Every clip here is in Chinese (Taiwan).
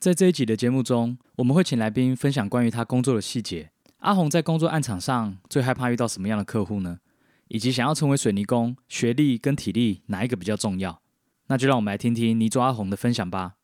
在這一集的節目中，我們會請來賓分享關於他工作的細節。阿鴻在工作案場上最害怕遇到什麼樣的客戶呢？以及想要成為水泥工，學歷跟體力哪一個比較重要？那就讓我們來聽聽泥作阿鴻的分享吧。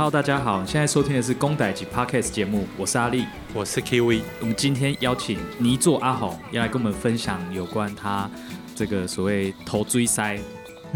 Hello，大家好，現在收聽的是工代誌 Podcast 節目，我是阿立，我是 Kiwi，我們今天邀請泥作阿鴻要來跟我們分享有關他這個所謂土水師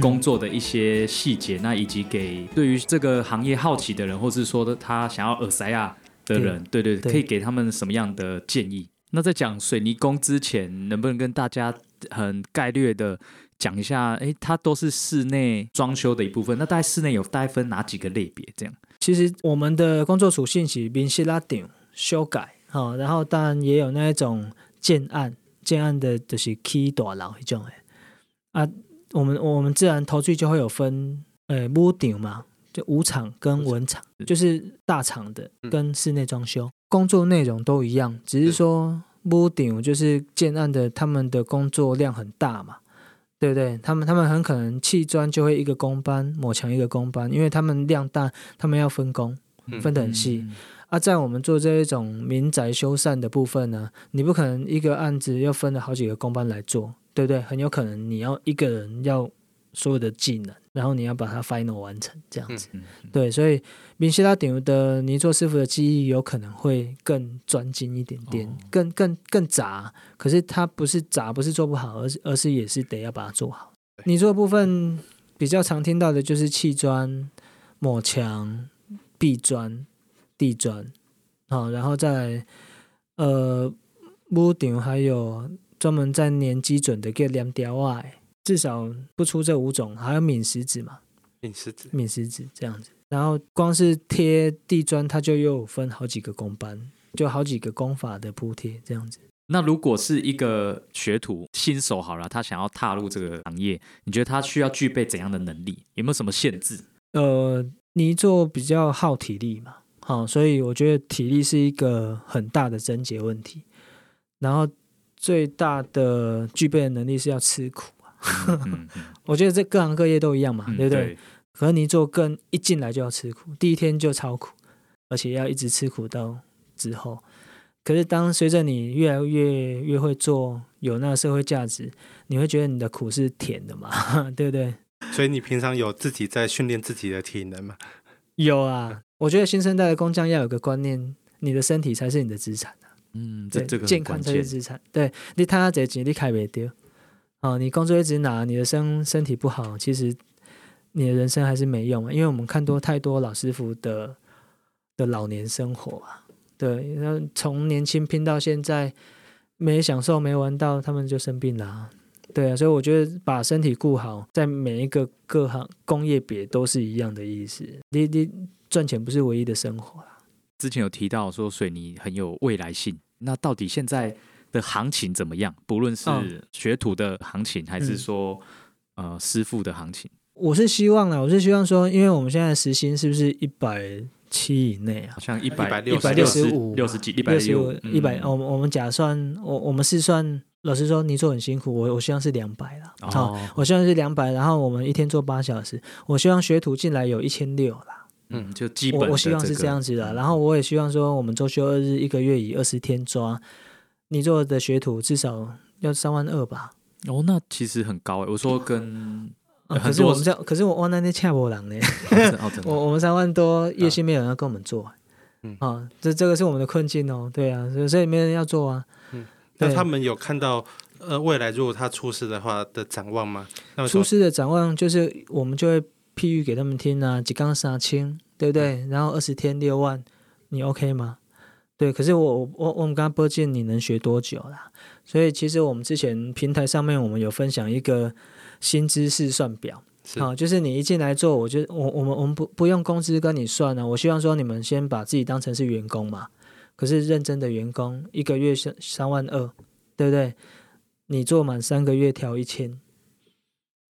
工作的一些細節，嗯、那以及給對於這個行業好奇的人，或是說他想要耳塞啊的人，對對，對對，對可以給他們什麼樣的建議？那在講水泥工之前，能不能跟大家很概略的講一下？哎、欸，它都是室內裝修的一部分，那在室內有大概分哪幾個類別？這樣？其實我們的工作屬性是民宅拉丁修改啊，然後當然也有那一種建案建案，的就是蓋大樓一種誒啊，我們我們自然投契就會有分誒屋頂嘛，就武場跟文場，嗯、就是大場的跟室內裝修工作內容都一樣，只是說屋頂就是建案的他們的工作量很大嘛。對不對？他們他們很可能砌磚就會一個工班抹牆，一個工班，因為他們量大，他們要分工分得很細。而、 啊、在我們做這一種民宅修繕的部分呢，你不可能一個案子又分了好幾個工班來做，對不對？很有可能你要一個人要所有的技能。然後你要把它 final 完成，這樣子，嗯嗯嗯、對，所以明溪拉頂的泥作師傅的技藝有可能會更專精一點點，哦、更更更雜，可是他不是雜，不是做不好，而是而是也是得要把它做好。泥作對部分，嗯、比較常聽到的就是砌磚、抹牆、壁磚、地磚，好、哦，然後再來呃屋頂，還有專門在粘基準的叫粘條 Y。至少不出這五種，還有抿石子嘛？抿石子抿石子這樣子。然後光是貼地磚，它就又分好幾個工班，就好幾個工法的鋪貼這樣子。那如果是一個學徒、新手好了，他想要踏入這個行業，你覺得他需要具備怎樣的能力？有沒有什麼限制？呃，泥作比較耗體力嘛，好、哦，所以我覺得體力是一個很大的症結問題。然後最大的具備的能力是要吃苦。 我覺得這各行各業都一樣嘛，對不對？和、嗯、你做工一進來就要吃苦，第一天就超苦，而且要一直吃苦到之後。可是當隨着你越來越越會做，有那個社會價值，你會覺得你的苦是甜的嘛，對不對？所以你平常有自己在訓練自己的體能嗎？ 有啊，我覺得新生代的工匠要有個觀念，你的身體才是你的資產、啊、嗯，這對這個很關鍵。健康才是資產，對你攤下這錢，你開袂丟。哦，你工作一直拿，你的身身體不好，其實你的人生還是沒用啊。因為我們看多太多老師傅的的老年生活啊，對，那從年輕拼到現在，沒享受，沒玩到，他們就生病了啊，對啊。所以我覺得把身體顧好，在每一個各行工業別都是一樣的意思。你你賺錢不是唯一的生活啊。之前有提到說水泥很有未來性，那到底現在的行情怎麼樣？不論是學徒的行情，嗯、還是說、嗯、呃師傅的行情，我是希望的。我是希望說，因為我們現在的時薪是不是一百七以內啊？好像一百六、一百六十五、六十幾、一百六十五、一百。我們我們假算，我我們是算。老實說，你做很辛苦。我我希望是兩百啦。哦，我希望是兩百。哦、然後兩百，然後我們一天做八小時。我希望學徒進來有一千六啦。嗯，就基本、這個我。我希望是這樣子的。然後我也希望說，我們周休二日，一個月以二十天抓。你做的學徒至少要三萬二吧？哦，那其實很高誒、欸，我說跟、啊，可是我們這，可是我萬那邊恰、哦哦、我郎嘞。我我們三萬多，月薪沒有人要跟我們做。啊，這這個是我們的困境哦、喔。對啊，所以沒人要做啊。那、嗯、對他們有看到呃未來如果他出師的話的展望嗎？出師的展望就是我們就會譬喻給他們聽啊，一工三千，對不對？然後二十天六萬，你 OK 嗎？對，可是我我我，我們剛剛不知道，你能學多久啦？所以其實我們之前平台上面我們有分享一個薪資試算表，好是、哦，就是你一進來做，我就我我們我們不不用工資跟你算呢、啊。我希望說你們先把自己當成是員工嘛。可是認真的員工一個月是三萬二，對不對？你做滿三個月調一千，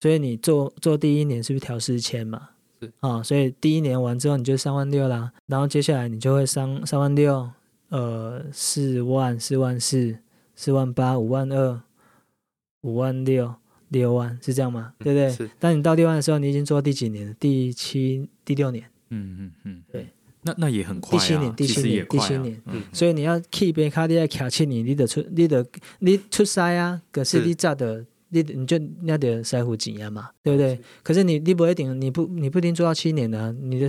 所以你做做第一年是不是調四千嘛？是啊、哦，所以第一年完之後你就三萬六啦，然後接下來你就會三三萬六。呃，四萬、四萬四、四萬八、五萬二、五萬六、六萬，是這樣嗎？對不對？是當你到六萬的時候，你已經做到第幾年？第七、第六年。嗯嗯嗯。對。那那也很快、啊。第七年，第七年，啊、第七年。嗯、哼哼，所以你要 keep 一邊卡，你要卡七年，你得出，你得你出師啊。可是你咋的是，你你就那點師傅錢啊嘛，對不對？是可是你你不一定，你不你不一定做到七年呢、啊。你的，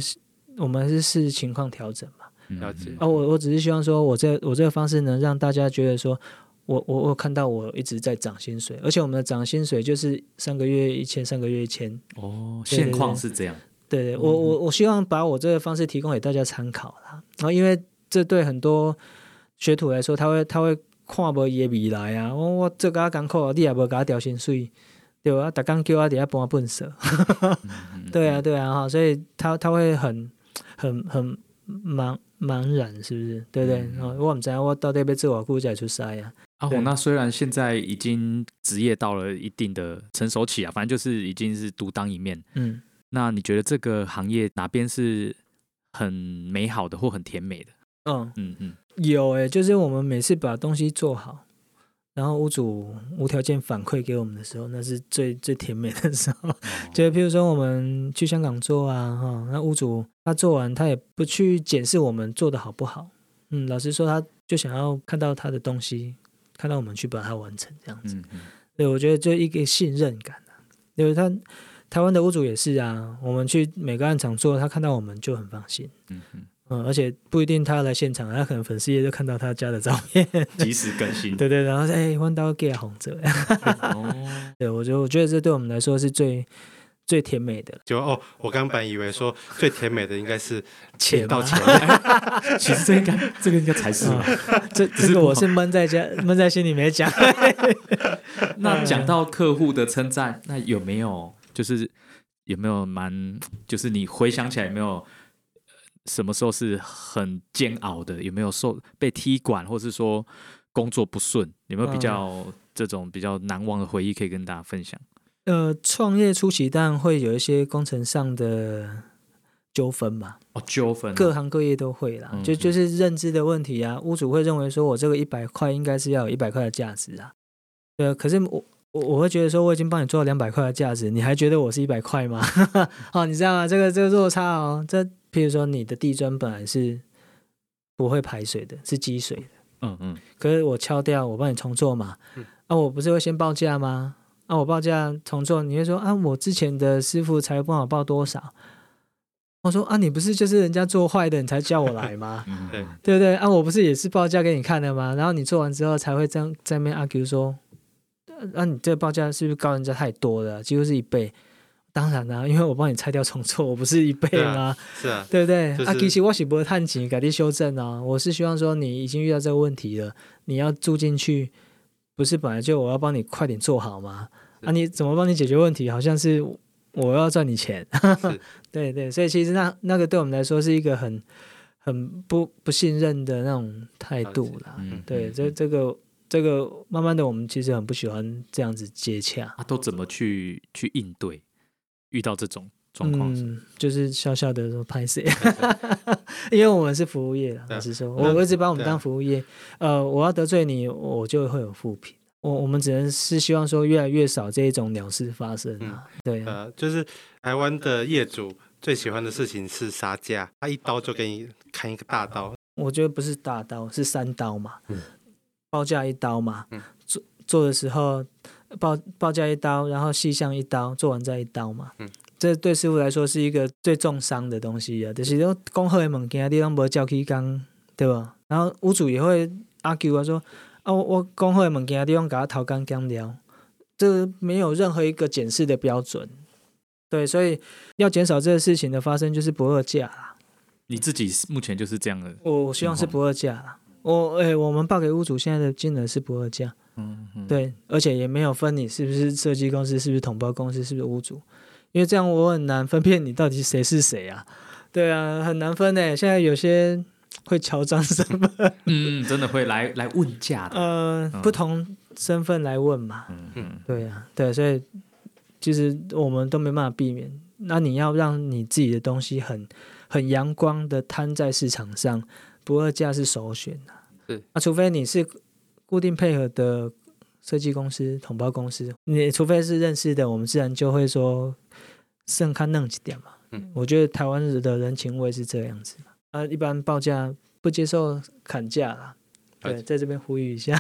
我們還是視情況調整嘛。嗯嗯啊，我我只是希望說，我這我這個方式能讓大家覺得說我，我我我看到我一直在漲薪水，而且我們的漲薪水就是三個月一千，三個月一千。哦，對對對現況是這樣。對，對，對，我嗯嗯我我希望把我這個方式提供給大家參考啦。然、啊、後，因為這對很多學徒來說，他會他會看無伊的未來啊。哦、我給我這家艱苦，你也不給我調薪水，對吧？大家叫我底下搬笨蛇。對啊，對啊哈，所以他他會很很很。很茫茫然，是不是，對不對？嗯嗯哦、我不知道我到底邊自我估計出曬呀、啊。阿鴻、哦，那雖然現在已經職業到了一定的成熟期啊，反正就是已經是獨當一面。嗯，那你覺得這個行業哪邊是很美好的，或很甜美的？嗯嗯嗯，嗯有誒、欸，就是我們每次把東西做好。然後屋主無條件反饋給我們的時候，那是最最甜美的時候。 就譬如說我們去香港做啊，哈，那屋主他做完，他也不去檢視我們做的好不好。嗯，老實說，他就想要看到他的東西，看到我們去把它完成這樣子。嗯嗯對，我覺得就一個信任感啊，因為他。台灣的屋主也是啊，我們去每個案場做，他看到我們就很放心。嗯哼嗯，而且不一定他要來現場，他可能粉絲也就看到他家的照片，及時更新。 對對，然後哎，換到 get 紅着。 對，我覺得我覺得這對我們來說是最最甜美的。就哦，我原本以為說最甜美的應該是錢到錢， 其實這個這個，應該這個應該才是、嗯。這只是這個我是悶在家 悶在心裡沒講。 那講到客戶的稱讚，那有沒有？就是有沒有蠻，就是你回想起來有沒有什麼時候是很煎熬的？有沒有受被踢館，或是說工作不順？有沒有比較這種比較難忘的回憶可以跟大家分享？呃，創業初期當然會有一些工程上的糾紛嘛，哦，糾紛啊，各行各業都會啦，嗯哼，就就是認知的問題啊，屋主會認為說我這個一百塊應該是要有一百塊的價值啊，呃，可是我。我我會覺得說，我已經幫你做了兩百塊的價值，你還覺得我是一百塊嗎？ 哦，你知道嗎？這個這個落差哦，這譬如說你的地磚本來是不會排水的，是積水的。嗯嗯。嗯可是我敲掉，我幫你重做嘛。啊，我不是會先報價嗎？啊，我報價重做，你會說啊，我之前的師傅才幫我報多少？我說啊，你不是就是人家做壞的，你才叫我來嗎？嗯、對對不對？啊，我不是也是報價給你看的嗎？然後你做完之後才會在在那邊 argue 說。那、啊、你這個報價是不是高人家太多了？幾乎是一倍。當然啦、啊，因為我幫你拆掉重做，我不是一倍嗎？對，啊啊、對不對？就是、啊，其實我是沒賺錢改地修正啊，我是希望說你已經遇到這個問題了，你要住進去，不是本來就我要幫你快點做好嗎？是啊，你怎麼幫你解決問題？好像是我要賺你錢。 是對，對對，所以其實那那個對我們來說是一個很很不不信任的那種態度啦。對，這這個。這個慢慢的，我們其實很不喜歡這樣子接洽。啊、都怎麼去去應對遇到這種狀況，嗯？就是笑笑的拍謝 因為我們是服務業，老實、啊、說，那我一直把我們當服務業。啊、呃，我要得罪你，我就會有負評。我我們只能是希望說，越來越少這種鳥事發生、啊嗯、對、啊，呃，就是台灣的業主最喜歡的事情是殺價，他一刀就給你砍一個大刀。啊、我覺得不是大刀，是三刀嘛。嗯報價一刀嘛，嗯、做做的時候報報價一刀，然後細項一刀，做完再一刀嘛。嗯，這對師傅來說是一個最重傷的東西啊。就是說，講好的物件你攏無照起工，對吧？然後屋主也會 argue 啊說啊，我講好的物件地方給他偷工減料了，這沒有任何一個檢視的標準。對，所以要減少這個事情的發生，就是不二價啦。你自己目前就是這樣的，我我希望是不二價啦。嗯我誒、欸，我們報給屋主現在的金額是不二價，嗯，嗯對，而且也沒有分你是不是設計公司，是不是統包公司，是不是屋主，因為這樣我很難分辨你到底誰是誰啊，對啊，很難分誒。現在有些會喬裝什麼，嗯， 真的會來來問價、呃、嗯，呃，不同身份來問嘛，嗯，嗯對啊，對，所以其實我們都沒辦法避免。那你要讓你自己的東西很很陽光的攤在市場上。不二價是首選啊，是啊，除非你是固定配合的設計公司、統包公司，你除非是認識的，我們自然就會說，算看軟一點嘛。嗯，我覺得台灣人的人情味是這樣子，啊，一般報價不接受砍價啦，啊，對，在這邊呼籲一下，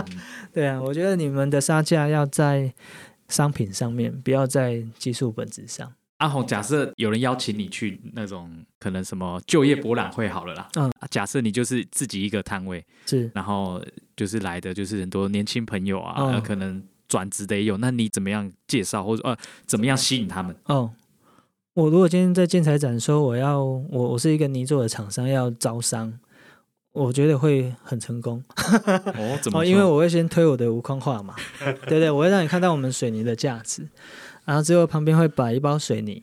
對啊，我覺得你們的殺價要在商品上面，不要在技術本質上。阿紅，啊，假設有人邀請你去那種可能什麼就業博覽會好了啦，嗯，啊、假設你就是自己一個攤位，是，然後就是來的就是很多年輕朋友啊，嗯、可能轉職的也有，那你怎麼樣介紹或者呃、啊、怎麼樣吸引他們？哦、嗯，我如果今天在建材展說我要我我是一個泥作的廠商要招商，我覺得會很成功， 哦，怎麼樣？哦，因為我會先推我的無框畫嘛， 對，對對？我會讓你看到我們水泥的價值。然後之後旁邊會擺一包水泥，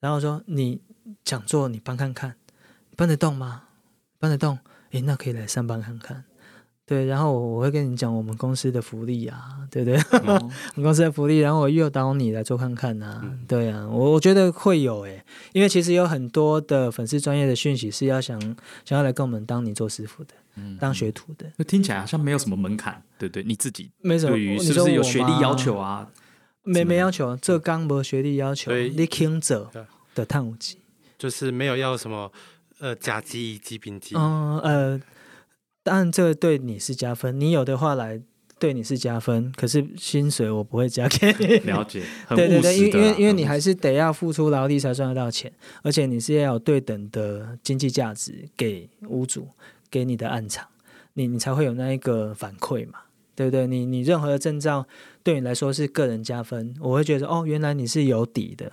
然後說你講座，你搬看看，搬得動嗎？搬得動？誒，那可以來上班看看，對。然後我會跟你講我們公司的福利啊，對不對？嗯、 我公司的福利，然後我誘導你來做看看啊。嗯、對啊。我我覺得會有誒、欸，因為其實有很多的粉絲專業的訊息是要想想要來跟我們當你做師傅的，嗯嗯、當學徒的。那聽起來好像沒有什麼門檻，對不對？你自己對於是不是有學歷要求啊？沒沒要求，這剛、嗯、沒學歷要求，瀝青者的碳五級，就，就是沒有要什麼呃甲級乙級丙級，哦、嗯，呃，但這個對你是加分，你有的話來對你是加分，可是薪水我不會加給你，了解。的對，對對，因為因為因為你還是得要付出勞力才賺得到錢，而且你是要有對等的經濟價值給屋主，給你的暗場，你你才會有那一個反饋嘛。對不對？你你任何的證照，對你來說是個人加分。我會覺得哦，原來你是有底的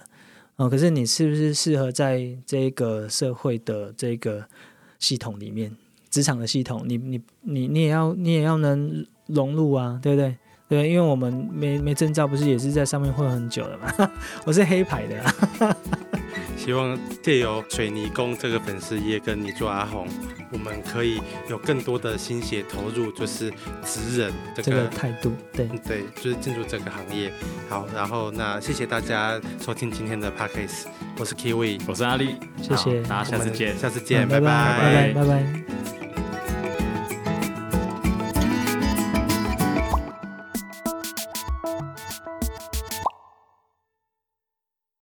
哦，嗯。可是你是不是適合在這個社會的這個系統裡面，職場的系統？你你你你也要你也要能融入啊，對不對？對，對，因為我們沒沒證照，不是也是在上面混很久了嘛。 我是黑牌的啊。 希望借由水泥工這個粉絲也跟你做阿鴻，我們可以有更多的心血投入，就是職人這個，這個態度。對對，就是進入這個行業。好，然後那謝謝大家收聽今天的 Podcast，我是 Kiwi，我是阿立，謝謝好大家，下次見，下次見，嗯、拜、拜、拜拜，拜拜，拜拜，拜拜。